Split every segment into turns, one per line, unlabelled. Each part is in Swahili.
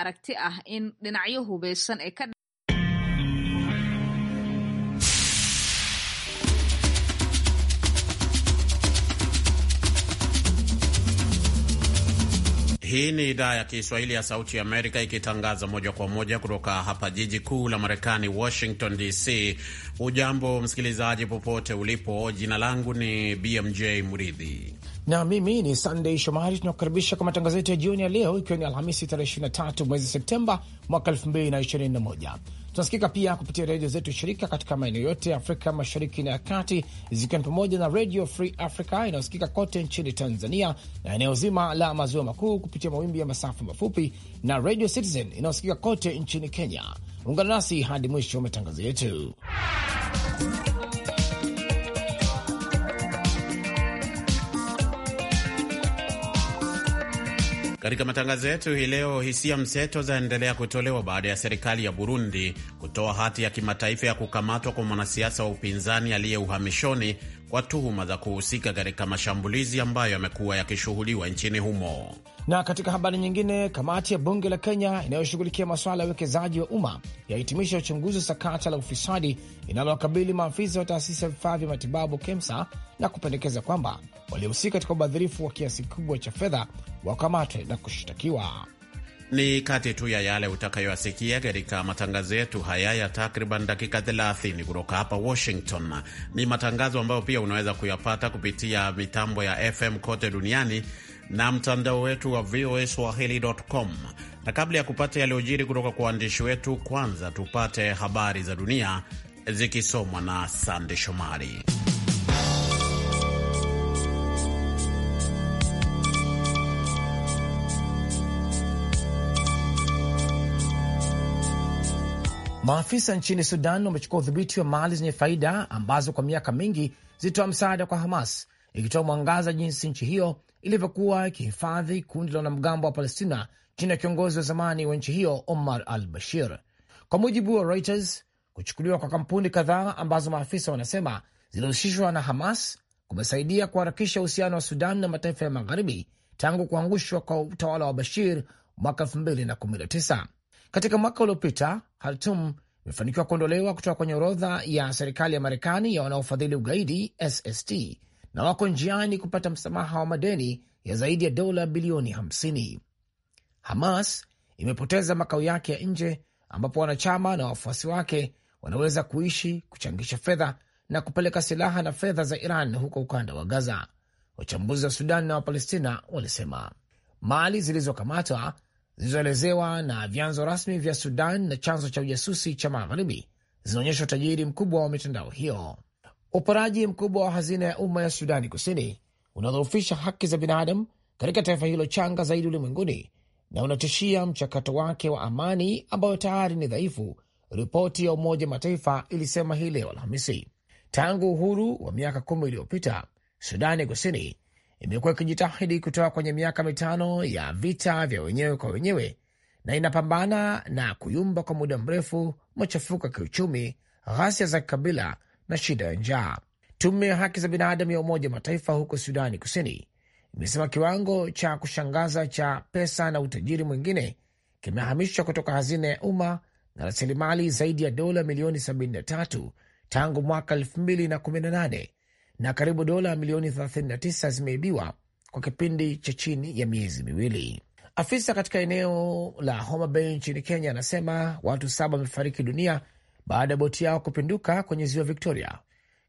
aragti ah in dhinacyo hubaysan ay ee ka
Hii ni idhaa ya Kiswahili ya Sauti ya Amerika ikitangaza moja kwa moja kutoka hapa jiji kuu la Marekani, Washington DC. Ujambo msikilizaji, popote ulipo. Jina langu ni BMJ Muridhi
na mimi ni sandey Shomari. Tunakukaribisha kwa matangazo yetu ya jioni ya leo, ikiwa ni Alhamisi tarehe 23 mwezi Septemba mwaka 2021. Tunasikika pia kupitia redio zetu shirika katika maeneo yote ya Afrika Mashariki na ya Kati, zikiwa ni pamoja na redio Free Africa inayosikika kote nchini Tanzania na eneo zima la maziwa makuu kupitia mawimbi ya masafa mafupi na Radio Citizen inayosikika kote nchini Kenya. Ungana nasi hadi mwisho wa matangazo yetu.
Katika matangazo yetu hii leo, hisia mseto zaendelea kutolewa baada ya serikali ya Burundi kutoa hati ya kimataifa ya kukamatwa kwa mwanasiasa wa upinzani aliye uhamishoni kwa tuhuma za kuhusika katika mashambulizi ambayo yamekuwa yakishuhudiwa nchini humo.
Na katika habari nyingine, kamati ya bunge la Kenya inayoshughulikia masuala ya uwekezaji wa umma yahitimisha uchunguzi wa sakata la ufisadi inalowakabili maafisa wa taasisi ya vifaa vya matibabu KEMSA na kupendekeza kwamba waliohusika katika ubadhirifu wa kiasi kikubwa cha fedha wakamatwe na kushtakiwa.
Ni kati tu ya yale utakayoasikia katika matangazo yetu haya ya takriban dakika 30 kutoka hapa Washington. Ni matangazo ambayo pia unaweza kuyapata kupitia mitambo ya FM kote duniani na mtandao wetu wa VOA Swahili.com. Na kabla ya kupata yaliyojiri kutoka kwa waandishi wetu, kwanza tupate habari za dunia zikisomwa na Sande Shomari.
Maafisa nchini Sudan wamechukua udhibiti wa mali zenye faida ambazo kwa miaka mingi zilitoa msaada kwa Hamas, ikitoa mwangaza jinsi nchi hiyo ilivyokuwa ikihifadhi kundi la wanamgambo wa Palestina chini ya kiongozi wa zamani wa nchi hiyo Omar al Bashir. Kwa mujibu wa Reuters, kuchukuliwa kwa kampuni kadhaa ambazo maafisa wanasema zilihusishwa na Hamas kumesaidia kuharakisha uhusiano wa Sudan na mataifa ya magharibi tangu kuangushwa kwa utawala wa Bashir mwaka 2019. Katika mwaka uliopita Khartum imefanikiwa kuondolewa kutoka kwenye orodha ya serikali ya Marekani ya wanaofadhili ugaidi SST na wako njiani kupata msamaha wa madeni ya zaidi ya dola bilioni 50. Hamas imepoteza makao yake ya nje ambapo wanachama na wafuasi wake wanaweza kuishi, kuchangisha fedha na kupeleka silaha na fedha za Iran huko ukanda wa Gaza. Wachambuzi wa Sudan na Wapalestina walisema mali zilizokamatwa zilizoelezewa na vyanzo rasmi vya Sudan na chanzo cha ujasusi cha Magharibi zinaonyesha utajiri mkubwa wa mitandao hiyo. Uporaji mkubwa wa hazina ya umma ya Sudani Kusini unadhoofisha haki za binadamu katika taifa hilo changa zaidi ulimwenguni na unatishia mchakato wake wa amani ambayo tayari ni dhaifu, ripoti ya Umoja Mataifa ilisema hii leo Alhamisi. Tangu uhuru wa miaka kumi iliyopita Sudani Kusini imekuwa ikijitahidi kutoka kwenye miaka mitano ya vita vya wenyewe kwa wenyewe na inapambana na kuyumba kwa muda mrefu, machafuko ya kiuchumi, ghasia za kikabila na shida ya njaa. Tume ya haki za binadamu ya Umoja wa Mataifa huko Sudani Kusini imesema kiwango cha kushangaza cha pesa na utajiri mwingine kimehamishwa kutoka hazina ya umma na rasilimali zaidi ya dola milioni 73 tangu mwaka 2018 na karibu dola milioni 39 zimeibiwa kwa kipindi cha chini ya miezi miwili. Afisa katika eneo la Homa Bay nchini Kenya anasema watu saba wamefariki dunia baada ya boti yao kupinduka kwenye ziwa Victoria.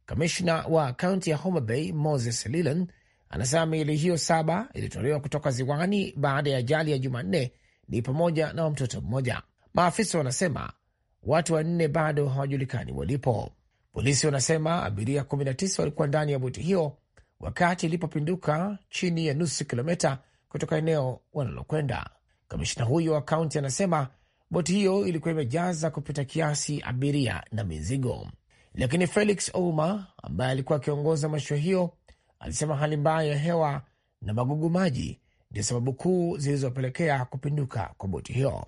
Kamishna wa kaunti ya Homa Bay Moses Lilan anasema miili hiyo saba ilitolewa kutoka ziwani baada ya ajali ya Jumanne, ni pamoja na wa mtoto mmoja. Maafisa wanasema watu wanne bado hawajulikani walipo. Polisi wanasema abiria 19 walikuwa ndani ya boti hiyo wakati ilipopinduka chini ya nusu kilomita kutoka eneo wanalokwenda. Kamishna huyo wa kaunti anasema boti hiyo ilikuwa imejaza kupita kiasi abiria na mizigo, lakini Felix Ouma ambaye alikuwa akiongoza mashua hiyo alisema hali mbaya ya hewa na magugu maji ndio sababu kuu zilizopelekea kupinduka kwa boti hiyo.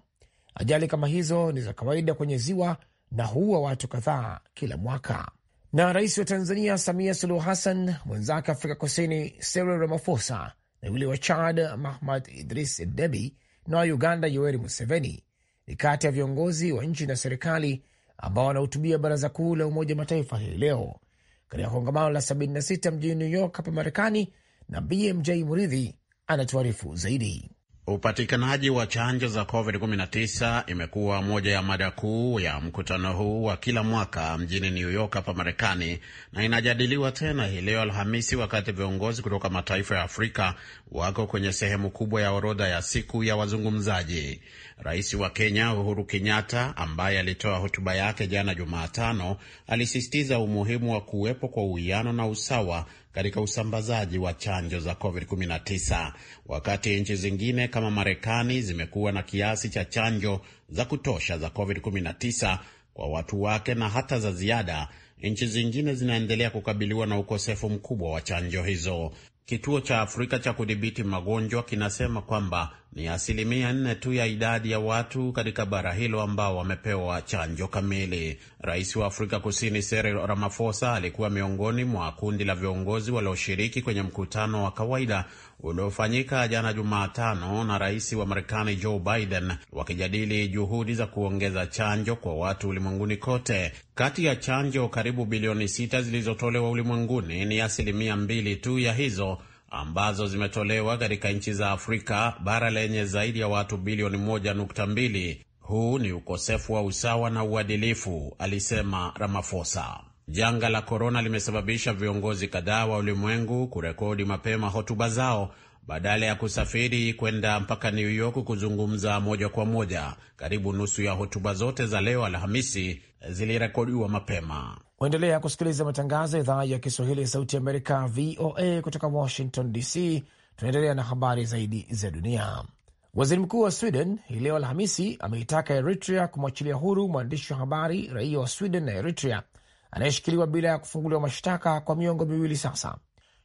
Ajali kama hizo ni za kawaida kwenye ziwa na huua watu kadhaa kila mwaka. Na rais wa Tanzania Samia Suluhu Hassan, mwenzake Afrika Kusini Cyril Ramaphosa na yule wa Chad Mahmad Idris debi na wa Uganda Yoweri Museveni ni kati ya viongozi wa nchi na serikali ambao wanahutubia Baraza Kuu la Umoja Mataifa hii leo katika kongamano la 76 mjini New York hapa Marekani, na BMJ Muridhi anatuarifu zaidi.
Upatikanaji wa chanjo za COVID-19 imekuwa moja ya mada kuu ya mkutano huu wa kila mwaka mjini New York hapa Marekani, na inajadiliwa tena hii leo Alhamisi, wakati viongozi kutoka mataifa ya Afrika wako kwenye sehemu kubwa ya orodha ya siku ya wazungumzaji. Rais wa Kenya Uhuru Kenyatta, ambaye alitoa hotuba yake jana Jumatano, alisisitiza umuhimu wa kuwepo kwa uwiano na usawa katika usambazaji wa chanjo za COVID-19 wakati nchi zingine kama Marekani zimekuwa na kiasi cha chanjo za kutosha za COVID-19 kwa watu wake na hata za ziada, nchi zingine zinaendelea kukabiliwa na ukosefu mkubwa wa chanjo hizo. Kituo cha Afrika cha kudhibiti magonjwa kinasema kwamba ni asilimia nne tu ya idadi ya watu katika bara hilo ambao wamepewa chanjo kamili. Rais wa Afrika Kusini Cyril Ramaphosa alikuwa miongoni mwa kundi la viongozi walioshiriki kwenye mkutano wa kawaida uliofanyika jana Jumatano na rais wa Marekani Joe Biden wakijadili juhudi za kuongeza chanjo kwa watu ulimwenguni kote. Kati ya chanjo karibu bilioni sita zilizotolewa ulimwenguni, ni asilimia mbili tu ya hizo ambazo zimetolewa katika nchi za Afrika, bara lenye zaidi ya watu bilioni moja nukta mbili. Huu ni ukosefu wa usawa na uadilifu, alisema Ramaphosa. Janga la korona limesababisha viongozi kadhaa wa ulimwengu kurekodi mapema hotuba zao badala ya kusafiri kwenda mpaka New York kuzungumza moja kwa moja. Karibu nusu ya hotuba zote za leo Alhamisi zilirekodiwa mapema. Waendelea
kusikiliza matangazo ya idhaa ya Kiswahili ya Sauti Amerika, VOA, kutoka Washington DC. Tunaendelea na habari zaidi za dunia. Waziri mkuu wa Sweden hii leo Alhamisi ameitaka Eritrea kumwachilia huru mwandishi wa habari raia wa Sweden na Eritrea anayeshikiliwa bila ya kufunguliwa mashtaka kwa miongo miwili sasa.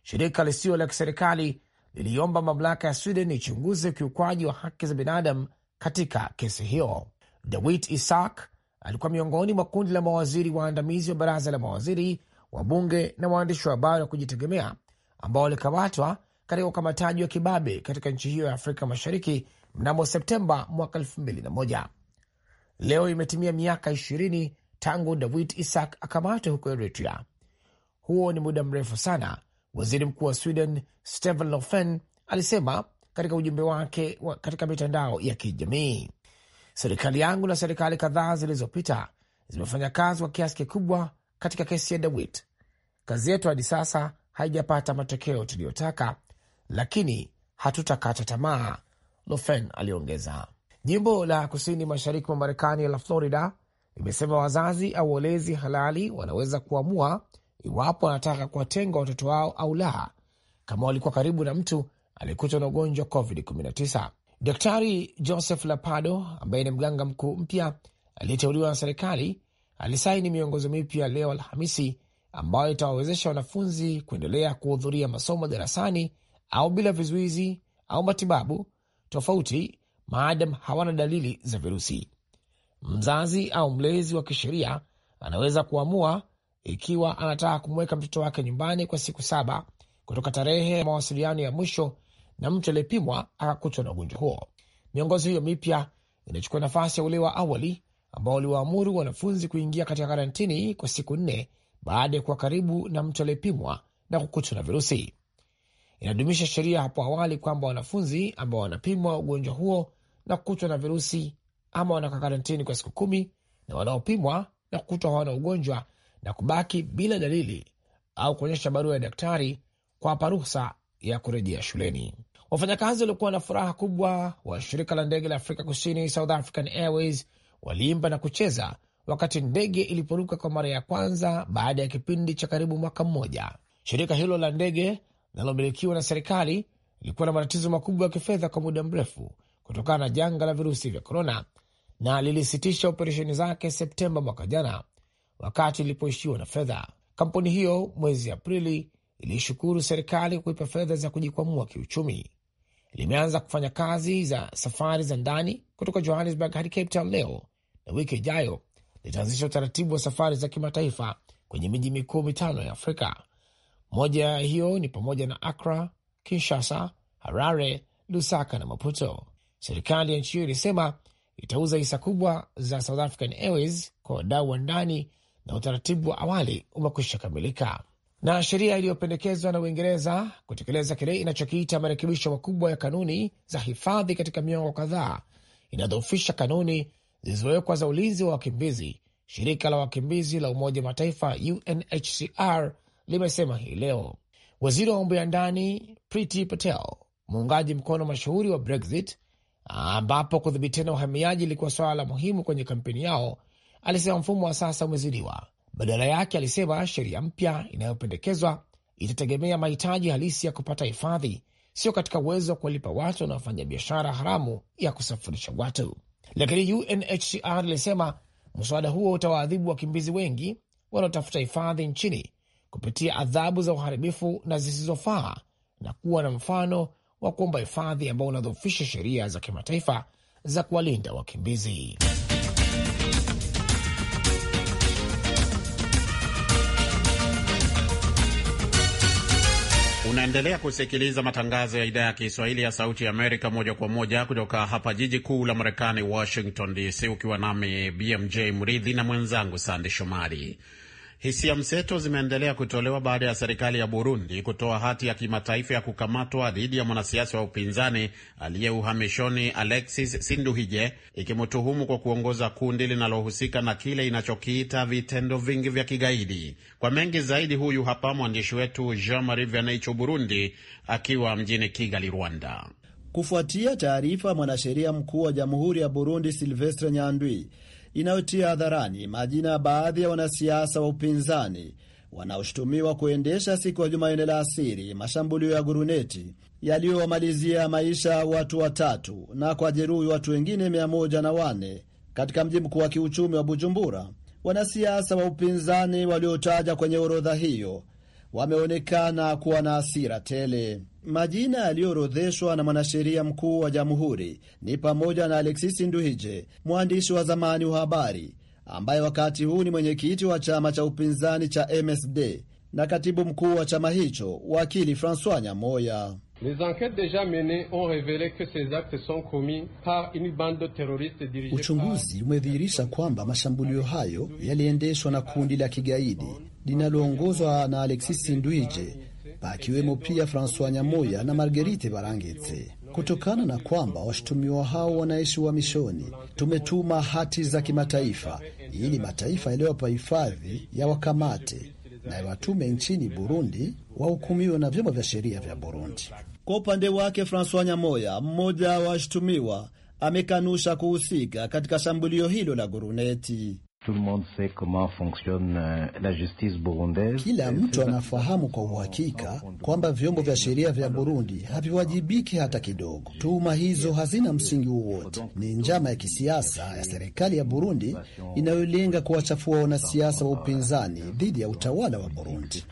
Shirika lisilo la kiserikali liliomba mamlaka ya Sweden ichunguze ukiukwaji wa haki za binadamu katika kesi hiyo. Dawit Isak alikuwa miongoni mwa kundi la mawaziri waandamizi wa baraza la mawaziri, wa bunge na waandishi wa habari wa kujitegemea ambao walikamatwa katika ukamataji wa kibabe katika nchi hiyo ya Afrika Mashariki mnamo Septemba mwaka 2001. Leo imetimia miaka ishirini tangu Dawit Isaak akamatwe huko Eritrea. Huo ni muda mrefu sana, waziri mkuu wa Sweden Stefan Löfven alisema katika ujumbe wake wa katika mitandao ya kijamii. Serikali yangu na serikali kadhaa zilizopita zimefanya kazi kwa kiasi kikubwa katika kesi ya Dawit. Kazi yetu hadi sasa haijapata matokeo tuliyotaka, lakini hatutakata tamaa, Lofen aliongeza. Jimbo la kusini mashariki mwa Marekani la Florida imesema wazazi au walezi halali wanaweza kuamua iwapo wanataka kuwatenga watoto wao au la, kama walikuwa karibu na mtu aliyekutwa na ugonjwa COVID-19. Daktari Joseph Lapado, ambaye ni mganga mkuu mpya aliyeteuliwa na serikali, alisaini miongozo mipya leo Alhamisi ambayo itawawezesha wanafunzi kuendelea kuhudhuria masomo darasani au bila vizuizi au matibabu tofauti, maadam hawana dalili za virusi. Mzazi au mlezi wa kisheria anaweza kuamua ikiwa anataka kumweka mtoto wake nyumbani kwa siku saba kutoka tarehe ya mawasiliano ya mwisho na mtu aliyepimwa akakutwa na ugonjwa huo. Miongozo hiyo mipya inachukua nafasi ya ule wa awali ambao uliwaamuru wanafunzi kuingia katika karantini kwa siku nne baada ya kuwa karibu na mtu aliyepimwa na kukutwa na virusi. Inadumisha sheria hapo awali kwamba wanafunzi ambao wanapimwa ugonjwa huo na kukutwa na virusi ama wanakaa karantini kwa siku kumi na wanaopimwa na kukutwa hawana ugonjwa na kubaki bila dalili au kuonyesha barua ya daktari kuwapa ruhusa ya kurejea shuleni. Wafanyakazi waliokuwa na furaha kubwa wa shirika la ndege la Afrika Kusini, South African Airways, waliimba na kucheza wakati ndege iliporuka kwa mara ya kwanza baada ya kipindi cha karibu mwaka mmoja. Shirika hilo la ndege linalomilikiwa na serikali lilikuwa na matatizo makubwa ya kifedha kwa muda mrefu kutokana na janga la virusi vya korona na lilisitisha operesheni zake Septemba mwaka jana wakati ilipoishiwa na fedha. Kampuni hiyo mwezi Aprili ilishukuru serikali kuipa fedha za kujikwamua kiuchumi. Limeanza kufanya kazi za safari za ndani kutoka Johannesburg hadi Cape Town leo na wiki ijayo litaanzisha utaratibu wa safari za kimataifa kwenye miji mikuu mitano ya Afrika. Moja hiyo ni pamoja na Accra, Kinshasa, Harare, Lusaka na Maputo. Serikali ya nchi hiyo ilisema itauza hisa kubwa za South African Airways kwa wadau wa ndani na utaratibu wa awali umekwisha kamilika. Na sheria iliyopendekezwa na Uingereza kutekeleza kile inachokiita marekebisho makubwa ya kanuni za hifadhi katika miongo kadhaa inadhoofisha kanuni zilizowekwa za ulinzi wa wakimbizi. Shirika la wakimbizi la Umoja Mataifa UNHCR limesema hii leo. Waziri wa mambo ya ndani Priti Patel, muungaji mkono mashuhuri wa Brexit, ambapo kudhibitiana uhamiaji ilikuwa swala la muhimu kwenye kampeni yao, alisema mfumo wa sasa umezidiwa. Badala yake, alisema sheria mpya inayopendekezwa itategemea mahitaji halisi ya kupata hifadhi, sio katika uwezo wa kuwalipa watu wanaofanya biashara haramu ya kusafirisha watu. Lakini UNHCR ilisema mswada huo utawaadhibu wakimbizi wengi wanaotafuta hifadhi nchini kupitia adhabu za uharibifu na zisizofaa na kuwa na mfano wa kuomba hifadhi ambao unadhoofisha sheria za kimataifa za kuwalinda wakimbizi.
Unaendelea kusikiliza matangazo ya idhaa ya Kiswahili ya Sauti ya Amerika moja kwa moja kutoka hapa jiji kuu la Marekani, Washington DC, ukiwa nami BMJ Mridhi na mwenzangu Sande Shomari. Hisia mseto zimeendelea kutolewa baada ya serikali ya Burundi kutoa hati ya kimataifa ya kukamatwa dhidi ya mwanasiasa wa upinzani aliye uhamishoni Alexis Sinduhije, ikimtuhumu kwa kuongoza kundi linalohusika na kile inachokiita vitendo vingi vya kigaidi. Kwa mengi zaidi, huyu hapa mwandishi wetu Jean Marie Vianeicho Burundi akiwa mjini Kigali, Rwanda.
Kufuatia taarifa mwanasheria mkuu wa jamhuri ya Burundi Silvestre Nyandwi inayotia hadharani majina ya baadhi ya wanasiasa wa upinzani wanaoshutumiwa kuendesha siku ya Jumanne la asiri mashambulio ya guruneti yaliyowamalizia maisha watu watatu na kwa jeruhi watu wengine mia moja na wane katika mji mkuu wa kiuchumi wa Bujumbura. Wanasiasa wa upinzani waliotaja kwenye orodha hiyo wameonekana kuwa na asira tele. Majina yaliyoorodheshwa na mwanasheria mkuu wa jamhuri ni pamoja na Alexis Nduhije, mwandishi wa zamani wa habari ambaye wakati huu ni mwenyekiti wa chama cha upinzani cha MSD na katibu mkuu wa chama hicho wakili Francois Nyamoya. Uchunguzi umedhihirisha kwamba mashambulio hayo yaliendeshwa na kundi la kigaidi linaloongozwa na Alexis Ndwije akiwemo pia Francois Nyamoya na Margerite Barangetse. Kutokana na kwamba washutumiwa hao wanaishi uhamishoni, tumetuma hati za kimataifa ili mataifa yaliyowapa hifadhi ya wakamate na watume nchini Burundi wahukumiwe na vyombo vya sheria vya Burundi. Kwa upande wake, Francois Nyamoya, mmoja wa washutumiwa, amekanusha kuhusika katika shambulio hilo la guruneti. Kila mtu anafahamu kwa uhakika kwamba vyombo vya sheria vya Burundi haviwajibiki hata kidogo. Tuhuma hizo hazina msingi wowote, ni njama ya kisiasa ya serikali ya Burundi inayolenga kuwachafua wanasiasa wa upinzani dhidi ya utawala wa Burundi.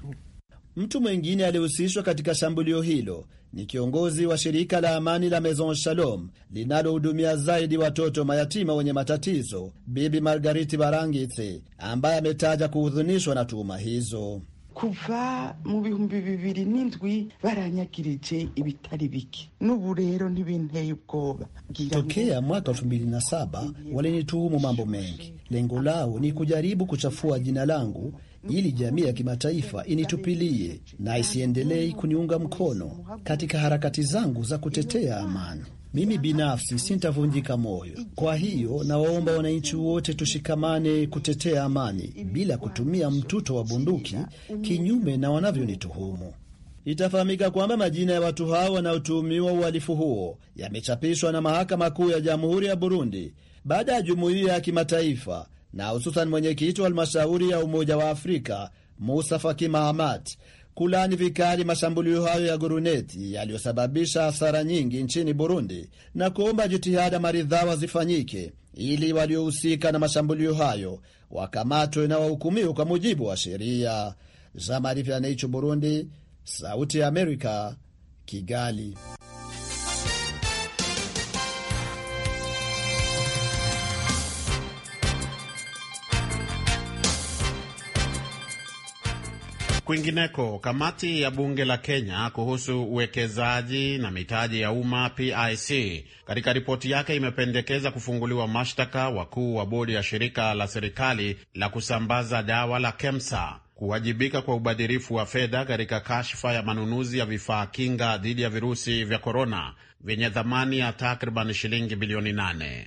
Mtu mwingine aliyehusishwa katika shambulio hilo ni kiongozi wa shirika la amani la Maison Shalom linalohudumia zaidi watoto mayatima wenye matatizo, Bibi Margariti Barangitse, ambaye ametaja kuhudhunishwa na tuhuma hizo. kuva mu bihumbi bibiri n'indwi baranyagirije ibitari bike n'ubu rero ntibinteye ubwoba. Tokea mwaka elfu mbili na saba walinituhumu mambo mengi. Lengo lao ni kujaribu kuchafua jina langu ili jamii ya kimataifa initupilie na isiendelei kuniunga mkono katika harakati zangu za kutetea amani. Mimi binafsi sintavunjika moyo. Kwa hiyo nawaomba wananchi wote tushikamane kutetea amani bila kutumia mtuto wa bunduki, kinyume na wanavyonituhumu. Itafahamika kwamba majina ya watu hao wanaotuhumiwa uhalifu huo yamechapishwa na mahakama kuu ya Jamhuri ya Burundi baada ya jumuiya ya kimataifa na hususan mwenyekiti wa halmashauri ya Umoja wa Afrika Musa Faki Mahamat kulani vikali mashambulio hayo ya guruneti yaliyosababisha hasara nyingi nchini Burundi na kuomba jitihada maridhawa zifanyike ili waliohusika na mashambulio hayo wakamatwe na wahukumiwe kwa mujibu wa sheria. Burundi, Sauti ya Amerika, Kigali.
Kwingineko, kamati ya bunge la Kenya kuhusu uwekezaji na mitaji ya umma PIC katika ripoti yake imependekeza kufunguliwa mashtaka wakuu wa bodi ya shirika la serikali la kusambaza dawa la KEMSA kuwajibika kwa ubadhirifu wa fedha katika kashfa ya manunuzi ya vifaa kinga dhidi ya virusi vya korona vyenye thamani ya takriban shilingi bilioni nane.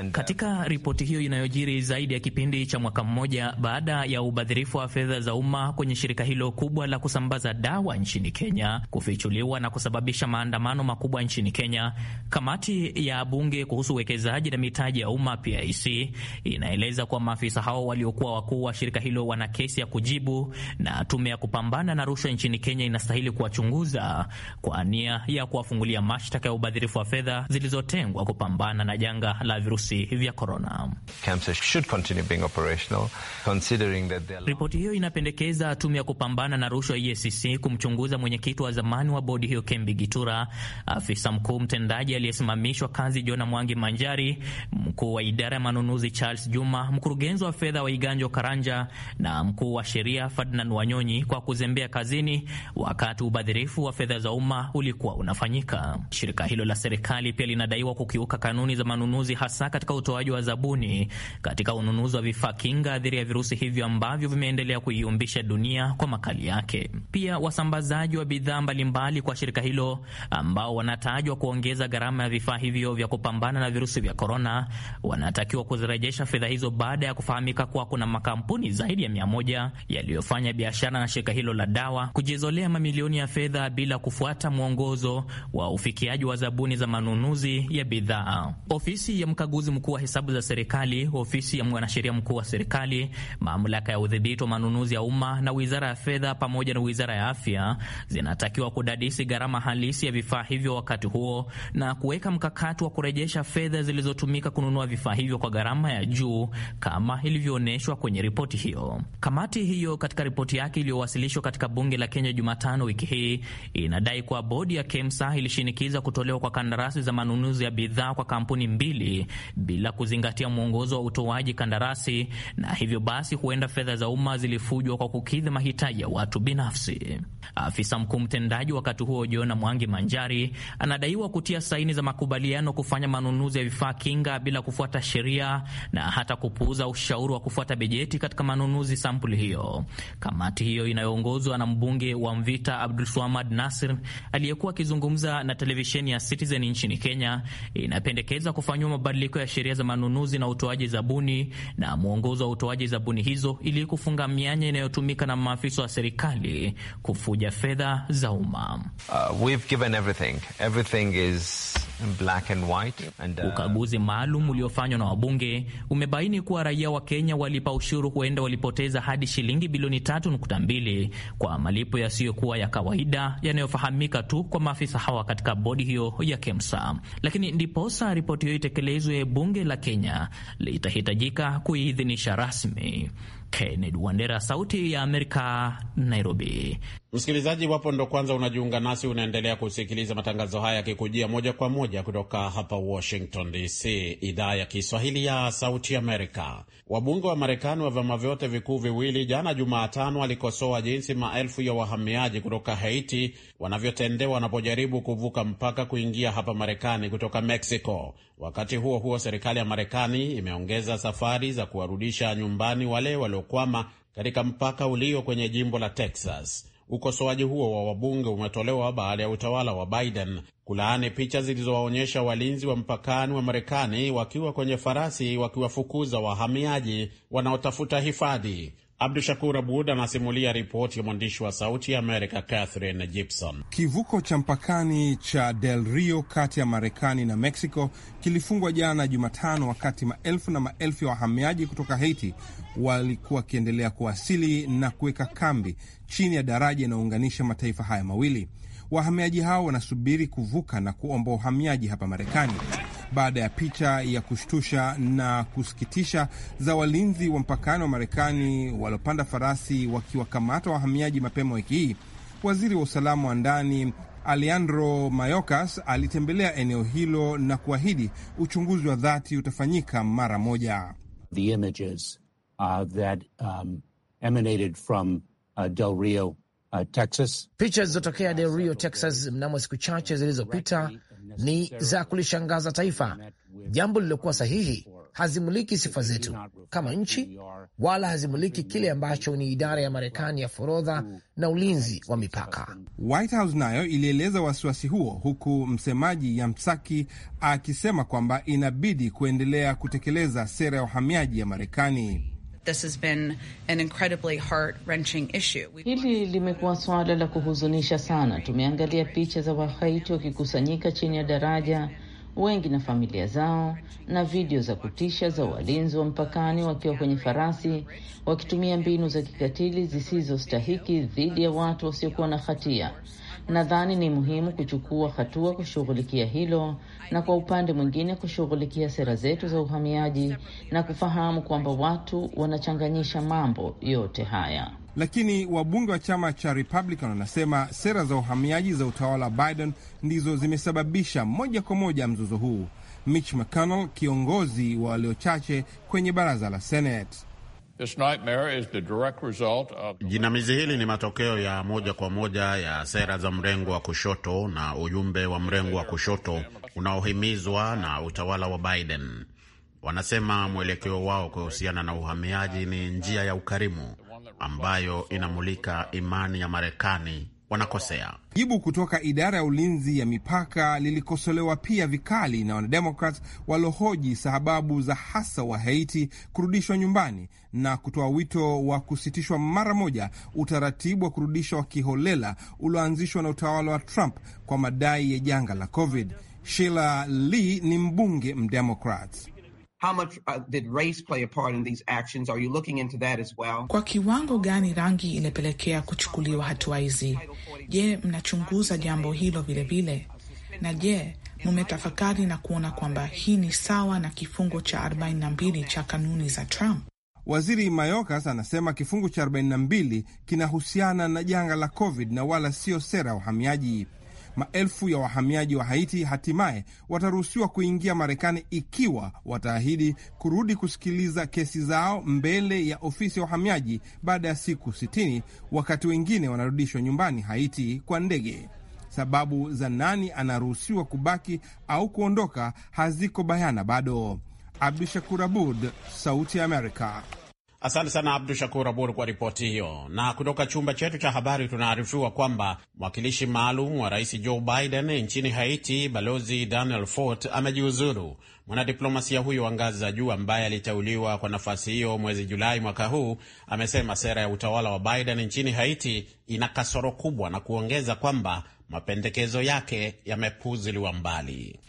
Um, Katika
ripoti hiyo inayojiri zaidi ya kipindi cha mwaka mmoja baada ya ubadhirifu wa fedha za umma kwenye shirika hilo kubwa la kusambaza dawa nchini Kenya kufichuliwa na kusababisha maandamano makubwa nchini Kenya, kamati ya bunge kuhusu uwekezaji na mitaji ya umma PIC inaeleza kuwa maafisa hao waliokuwa wakuu wa shirika hilo wana kesi ya kujibu na tume ya kupambana na rushwa nchini Kenya inastahili kuwachunguza kwa nia ya kuwafungulia mashtaka ya ubadhirifu wa fedha zilizotengwa kupambana na janga la virusi virusi vya korona. Ripoti hiyo inapendekeza tume ya kupambana na rushwa EACC kumchunguza mwenyekiti wa zamani wa bodi hiyo Kembi Gitura, afisa mkuu mtendaji aliyesimamishwa kazi Jona Mwangi Manjari, mkuu wa idara ya manunuzi Charles Juma, mkurugenzi wa fedha wa Iganjo Karanja na mkuu wa sheria Ferdinand Wanyonyi kwa kuzembea kazini wakati ubadhirifu wa fedha za umma ulikuwa unafanyika. Shirika hilo la serikali pia linadaiwa kukiuka kanuni za manunuzi hasa katika utoaji wa zabuni katika ununuzi wa vifaa kinga dhidi ya virusi hivyo ambavyo vimeendelea kuiumbisha dunia kwa makali yake. Pia wasambazaji wa bidhaa mbalimbali kwa shirika hilo ambao wanatajwa kuongeza gharama ya vifaa hivyo vya kupambana na virusi vya korona wanatakiwa kuzirejesha fedha hizo baada ya kufahamika kuwa kuna makampuni zaidi ya mia moja yaliyofanya biashara na shirika hilo la dawa kujizolea mamilioni ya fedha bila kufuata mwongozo wa ufikiaji wa zabuni za manunuzi ya bidhaa. Ofisi ya mkaguzi ukaguzi mkuu wa hesabu za serikali, ofisi ya mwanasheria mkuu wa serikali, mamlaka ya udhibiti wa manunuzi ya umma na wizara ya fedha pamoja na wizara ya afya zinatakiwa kudadisi gharama halisi ya vifaa hivyo wakati huo na kuweka mkakati wa kurejesha fedha zilizotumika kununua vifaa hivyo kwa gharama ya juu kama ilivyoonyeshwa kwenye ripoti hiyo. Kamati hiyo katika ripoti yake iliyowasilishwa katika bunge la Kenya Jumatano wiki hii inadai kuwa bodi ya KEMSA ilishinikiza kutolewa kwa kandarasi za manunuzi ya bidhaa kwa kampuni mbili bila kuzingatia mwongozo wa utoaji kandarasi, na hivyo basi huenda fedha za umma zilifujwa kwa kukidhi mahitaji ya watu binafsi. Afisa mkuu mtendaji wakati huo Jona Mwangi Manjari anadaiwa kutia saini za makubaliano kufanya manunuzi ya vifaa kinga bila kufuata sheria na hata kupuuza ushauri wa kufuata bajeti katika manunuzi sampuli hiyo. Kamati hiyo inayoongozwa na mbunge wa Mvita Abdul Swamad Nasir aliyekuwa akizungumza na televisheni ya Citizen nchini Kenya inapendekeza kufanyiwa mabadiliko mabadiliko ya sheria za manunuzi na utoaji zabuni na mwongozo wa utoaji zabuni hizo ili kufunga mianya inayotumika na maafisa wa serikali kufuja fedha za umma. Uh, uh... ukaguzi maalum uliofanywa na wabunge umebaini kuwa raia wa Kenya walipa ushuru huenda walipoteza hadi shilingi bilioni 3.2 kwa malipo yasiyokuwa ya kawaida yanayofahamika tu kwa maafisa hawa katika bodi hiyo ya KEMSA, lakini ndiposa ripoti hiyo itekelezwe bunge la Kenya
litahitajika kuidhinisha rasmi. Kennedy Wandera, Sauti ya Amerika, Nairobi. Msikilizaji wapo ndo kwanza unajiunga nasi, unaendelea kusikiliza matangazo haya yakikujia moja kwa moja kutoka hapa Washington DC, idhaa ya Kiswahili ya Sauti Amerika. Wabunge wa Marekani wa vyama vyote vikuu viwili jana Jumatano walikosoa jinsi maelfu ya wahamiaji kutoka Haiti wanavyotendewa wanapojaribu kuvuka mpaka kuingia hapa Marekani kutoka Mexico. Wakati huo huo, serikali ya Marekani imeongeza safari za kuwarudisha nyumbani wale walio waliokwama katika mpaka ulio kwenye jimbo la Texas. Ukosoaji huo wa wabunge umetolewa baada ya utawala wa Biden kulaani picha zilizowaonyesha walinzi wa mpakani wa Marekani wakiwa kwenye farasi wakiwafukuza wahamiaji wanaotafuta hifadhi. Abdu Shakur Abud anasimulia ripoti ya mwandishi wa Sauti ya Amerika Catherine Gibson.
Kivuko cha mpakani cha Del Rio kati ya Marekani na Mexico kilifungwa jana Jumatano, wakati maelfu na maelfu ya wahamiaji kutoka Haiti walikuwa wakiendelea kuwasili na kuweka kambi chini ya daraja inayounganisha mataifa haya mawili. Wahamiaji hao wanasubiri kuvuka na kuomba uhamiaji hapa Marekani baada ya picha ya kushtusha na kusikitisha za walinzi wa mpakani wa Marekani waliopanda farasi wakiwakamata wahamiaji mapema wiki hii. Waziri wa usalama wa ndani Alejandro Mayorkas alitembelea eneo hilo na kuahidi uchunguzi wa dhati utafanyika mara moja.
The images, uh, that, um, emanated from, uh,
Del Rio, uh, Texas. Picha zilizotokea Del Rio, Texas mnamo siku chache zilizopita ni za kulishangaza taifa, jambo lililokuwa sahihi. Hazimuliki sifa zetu kama nchi, wala hazimuliki kile ambacho ni idara ya Marekani ya forodha na ulinzi wa mipaka.
White House nayo ilieleza wasiwasi huo, huku msemaji Yamsaki akisema kwamba inabidi kuendelea kutekeleza sera ya uhamiaji ya Marekani.
This has been an incredibly heart-wrenching issue.
Hili limekuwa suala la kuhuzunisha sana. Tumeangalia picha za Wahaiti wakikusanyika chini ya daraja, wengi na familia zao, na video za kutisha za walinzi wa mpakani wakiwa kwenye farasi wakitumia mbinu za kikatili zisizostahiki dhidi ya watu wasiokuwa na hatia. Nadhani ni muhimu kuchukua hatua kushughulikia hilo, na kwa upande mwingine kushughulikia sera zetu za uhamiaji na kufahamu kwamba watu wanachanganyisha mambo yote haya.
Lakini wabunge wa chama cha Republican wanasema sera za uhamiaji za utawala wa Biden ndizo zimesababisha moja kwa moja mzozo huu. Mitch McConnell, kiongozi wa walio chache kwenye baraza la Senate,
Jinamizi hili ni matokeo ya moja kwa moja ya sera za mrengo wa kushoto na ujumbe wa mrengo wa kushoto unaohimizwa na utawala wa Biden. Wanasema mwelekeo wao kuhusiana na uhamiaji ni njia ya ukarimu ambayo inamulika imani ya Marekani wanakosea.
Jibu kutoka idara ya ulinzi ya mipaka lilikosolewa pia vikali na wanademokrat waliohoji sababu za hasa wa Haiti kurudishwa nyumbani na kutoa wito wa kusitishwa mara moja utaratibu wa kurudishwa wa kiholela ulioanzishwa na utawala wa Trump kwa madai ya janga la COVID. Sheila Lee ni mbunge mdemokrat.
How much, uh, did race play a part in these actions? Are you looking into that as well?
Kwa kiwango gani rangi imepelekea kuchukuliwa hatua hizi? Je, mnachunguza jambo hilo vilevile? Na je, mumetafakari na kuona kwamba hii ni sawa na kifungo cha 42 cha
kanuni za Trump? Waziri Mayorkas anasema kifungu cha 42 kinahusiana na janga la COVID na wala sio sera ya uhamiaji maelfu ya wahamiaji wa Haiti hatimaye wataruhusiwa kuingia Marekani ikiwa wataahidi kurudi kusikiliza kesi zao mbele ya ofisi ya uhamiaji baada ya siku 60, wakati wengine wanarudishwa nyumbani Haiti kwa ndege. Sababu za nani anaruhusiwa kubaki au kuondoka haziko bayana bado. Abdu Shakur Abud, Sauti ya Amerika.
Asante sana Abdu Shakur Abur kwa ripoti hiyo. Na kutoka chumba chetu cha habari tunaarifiwa kwamba mwakilishi maalum wa rais Joe Biden nchini Haiti, balozi Daniel Fort amejiuzuru. Mwanadiplomasia huyo wa ngazi za juu ambaye aliteuliwa kwa nafasi hiyo mwezi Julai mwaka huu amesema sera ya utawala wa Biden nchini Haiti ina kasoro kubwa na kuongeza kwamba mapendekezo yake yamepuziliwa mbali.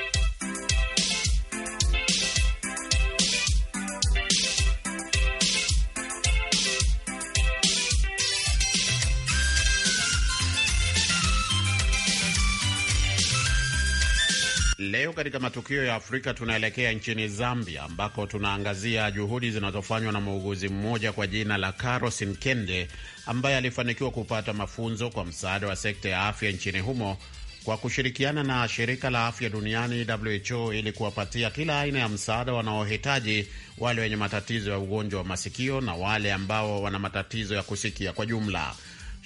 Leo katika matukio ya Afrika tunaelekea nchini Zambia ambako tunaangazia juhudi zinazofanywa na muuguzi mmoja kwa jina la Caro sinkende ambaye alifanikiwa kupata mafunzo kwa msaada wa sekta ya afya nchini humo kwa kushirikiana na shirika la afya duniani WHO ili kuwapatia kila aina ya msaada wanaohitaji wale wenye matatizo ya ugonjwa wa masikio na wale ambao wana matatizo ya kusikia kwa jumla.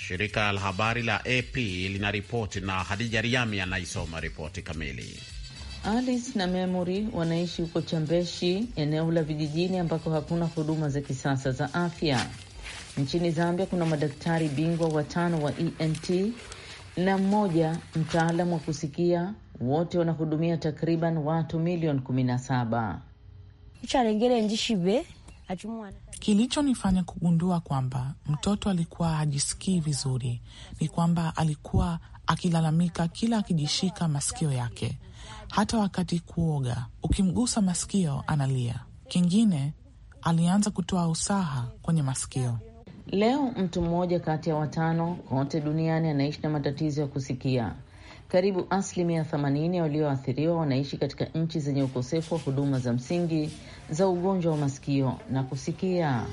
Shirika la habari la AP linaripoti na Hadija Riami anaisoma ripoti kamili.
Alice na Memory wanaishi huko Chambeshi, eneo la vijijini ambako hakuna huduma za kisasa za afya. Nchini Zambia kuna madaktari bingwa watano wa ENT na mmoja mtaalamu wa kusikia. Wote wanahudumia takriban watu milioni 17.
Kilichonifanya kugundua kwamba mtoto alikuwa hajisikii vizuri ni kwamba alikuwa akilalamika kila akijishika masikio yake hata wakati kuoga, ukimgusa masikio analia. Kingine, alianza kutoa usaha kwenye masikio.
Leo mtu mmoja kati ya watano kote duniani anaishi na matatizo ya kusikia. Karibu asilimia 80 walioathiriwa wanaishi katika nchi zenye ukosefu wa huduma za msingi za ugonjwa wa masikio na kusikia.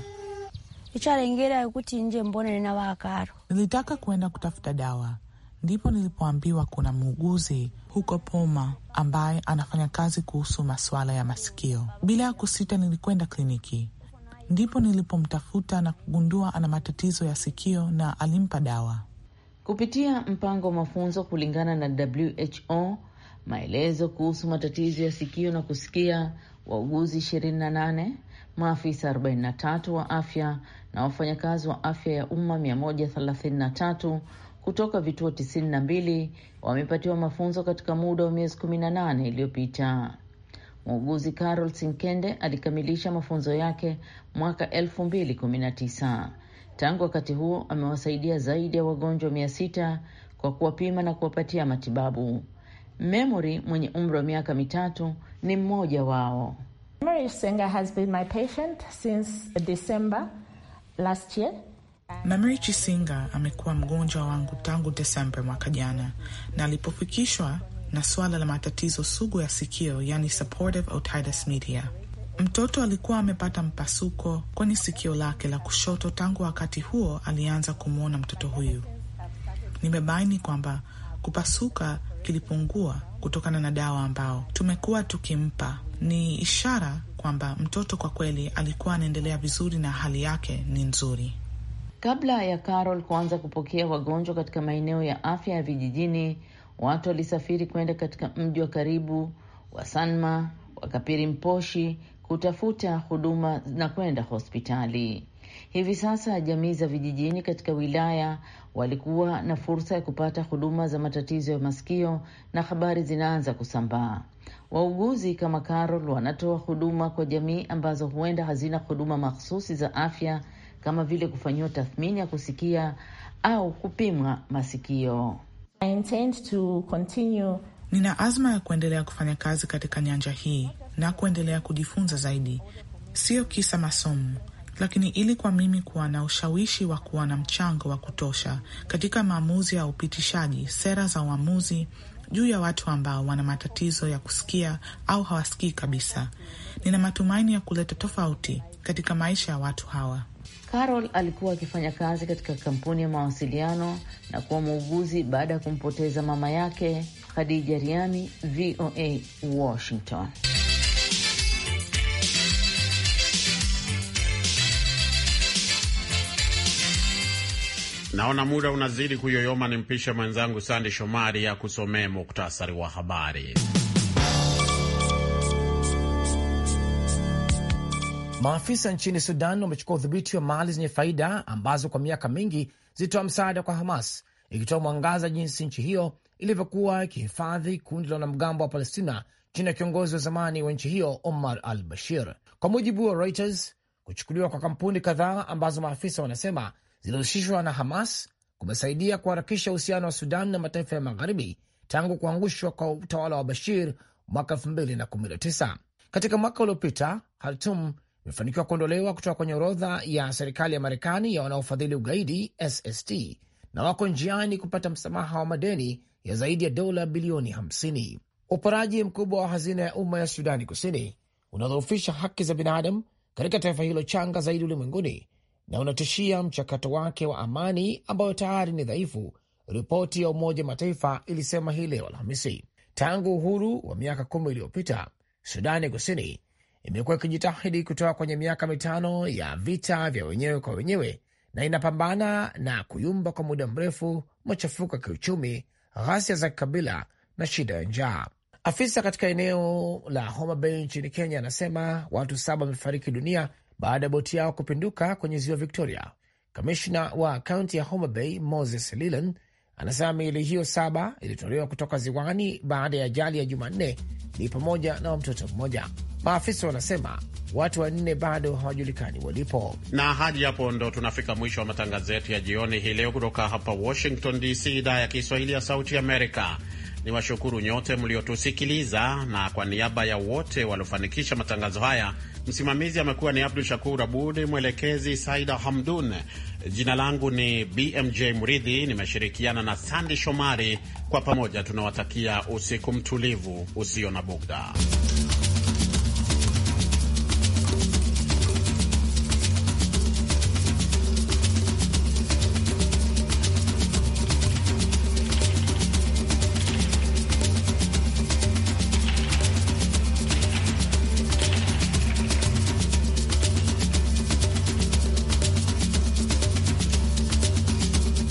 nje mbone wakaro
Nilitaka kuenda kutafuta dawa ndipo nilipoambiwa kuna muuguzi huko Poma ambaye anafanya kazi kuhusu masuala ya masikio. Bila ya kusita, nilikwenda kliniki, ndipo nilipomtafuta na kugundua ana matatizo ya sikio na alimpa dawa
kupitia mpango wa mafunzo kulingana na WHO. Maelezo kuhusu matatizo ya sikio na kusikia, wauguzi 28 maafisa 43 wa afya na wafanyakazi wa afya ya umma 133 kutoka vituo tisini na mbili wamepatiwa mafunzo katika muda wa miezi kumi na nane iliyopita. Muuguzi Carol Sinkende alikamilisha mafunzo yake mwaka elfu mbili kumi na tisa. Tangu wakati huo amewasaidia zaidi ya wagonjwa mia sita kwa kuwapima na kuwapatia matibabu. Memory mwenye umri wa miaka mitatu ni mmoja wao. Memory Senga has been my patient since December last year. Namri Chisinga
amekuwa mgonjwa wangu tangu Desemba mwaka jana, na alipofikishwa na suala la matatizo sugu ya sikio, yani supportive otitis media. Mtoto alikuwa amepata mpasuko kwenye sikio lake la kushoto. Tangu wakati huo alianza kumwona mtoto huyu. Nimebaini kwamba kupasuka kilipungua kutokana na dawa ambao tumekuwa tukimpa. Ni ishara kwamba mtoto kwa kweli alikuwa anaendelea vizuri na hali yake ni nzuri.
Kabla ya Carol kuanza kupokea wagonjwa katika maeneo ya afya ya vijijini, watu walisafiri kwenda katika mji wa karibu wa Sanma mposhi kutafuta huduma na kwenda hospitali. Hivi sasa jamii za vijijini katika wilaya walikuwa na fursa ya kupata huduma za matatizo ya masikio na habari zinaanza kusambaa. Wauguzi kama Carol wanatoa huduma kwa jamii ambazo huenda hazina huduma mahususi za afya kama vile kufanyiwa tathmini ya kusikia au kupimwa masikio. I intend to continue. Nina azma
ya kuendelea kufanya kazi katika nyanja hii na kuendelea kujifunza zaidi, siyo kisa masomo, lakini ili kwa mimi kuwa na ushawishi wa kuwa na mchango wa kutosha katika maamuzi ya upitishaji sera za uamuzi juu ya watu ambao wana matatizo ya kusikia au hawasikii kabisa. Nina matumaini ya kuleta tofauti katika maisha ya watu hawa.
Carol alikuwa akifanya kazi katika kampuni ya mawasiliano na kuwa muuguzi baada ya kumpoteza mama yake. Khadija Riami, VOA, Washington.
Naona muda unazidi kuyoyoma, nimpishe mwenzangu Sande Shomari ya kusomea muktasari wa habari.
Maafisa nchini Sudan wamechukua udhibiti wa mali zenye faida ambazo kwa miaka mingi zilitoa msaada kwa Hamas, ikitoa mwangaza jinsi nchi hiyo ilivyokuwa ikihifadhi kundi la wanamgambo wa Palestina chini ya kiongozi wa zamani wa nchi hiyo Omar al Bashir. Kwa mujibu wa Reuters, kuchukuliwa kwa kampuni kadhaa ambazo maafisa wanasema zilihusishwa na Hamas kumesaidia kuharakisha uhusiano wa Sudan na mataifa ya magharibi tangu kuangushwa kwa utawala wa Bashir mwaka 2019. Katika mwaka uliopita Hartum imefanikiwa kuondolewa kutoka kwenye orodha ya serikali ya Marekani ya wanaofadhili ugaidi SST na wako njiani kupata msamaha wa madeni ya zaidi ya dola bilioni 50. Uporaji mkubwa wa hazina ya umma ya Sudani Kusini unadhoofisha haki za binadamu katika taifa hilo changa zaidi ulimwenguni na unatishia mchakato wake wa amani ambayo tayari ni dhaifu, ripoti ya Umoja wa Mataifa ilisema hii leo Alhamisi. Tangu uhuru wa miaka kumi iliyopita Sudani Kusini imekuwa ikijitahidi kutoka kwenye miaka mitano ya vita vya wenyewe kwa wenyewe na inapambana na kuyumba kwa muda mrefu, machafuko ya kiuchumi, ghasia za kikabila na shida ya njaa. Afisa katika eneo la Homa Bay nchini Kenya anasema watu saba wamefariki dunia baada ya boti yao kupinduka kwenye ziwa Victoria. Kamishna wa kaunti ya Homa Bay Moses Leland Anasema miili hiyo saba ilitolewa kutoka ziwani baada ya ajali ya Jumanne, ni pamoja na mtoto mmoja. Maafisa wanasema watu wanne bado hawajulikani walipo.
Na hadi hapo ndo tunafika mwisho wa matangazo yetu ya jioni hii leo, kutoka hapa Washington DC, idhaa ya Kiswahili ya Sauti Amerika ni washukuru nyote mliotusikiliza, na kwa niaba ya wote waliofanikisha matangazo haya, msimamizi amekuwa ni Abdu Shakur Abud, mwelekezi Saida Hamdun. Jina langu ni BMJ Muridhi, nimeshirikiana na Sandi Shomari. Kwa pamoja tunawatakia usiku mtulivu usio na bugda.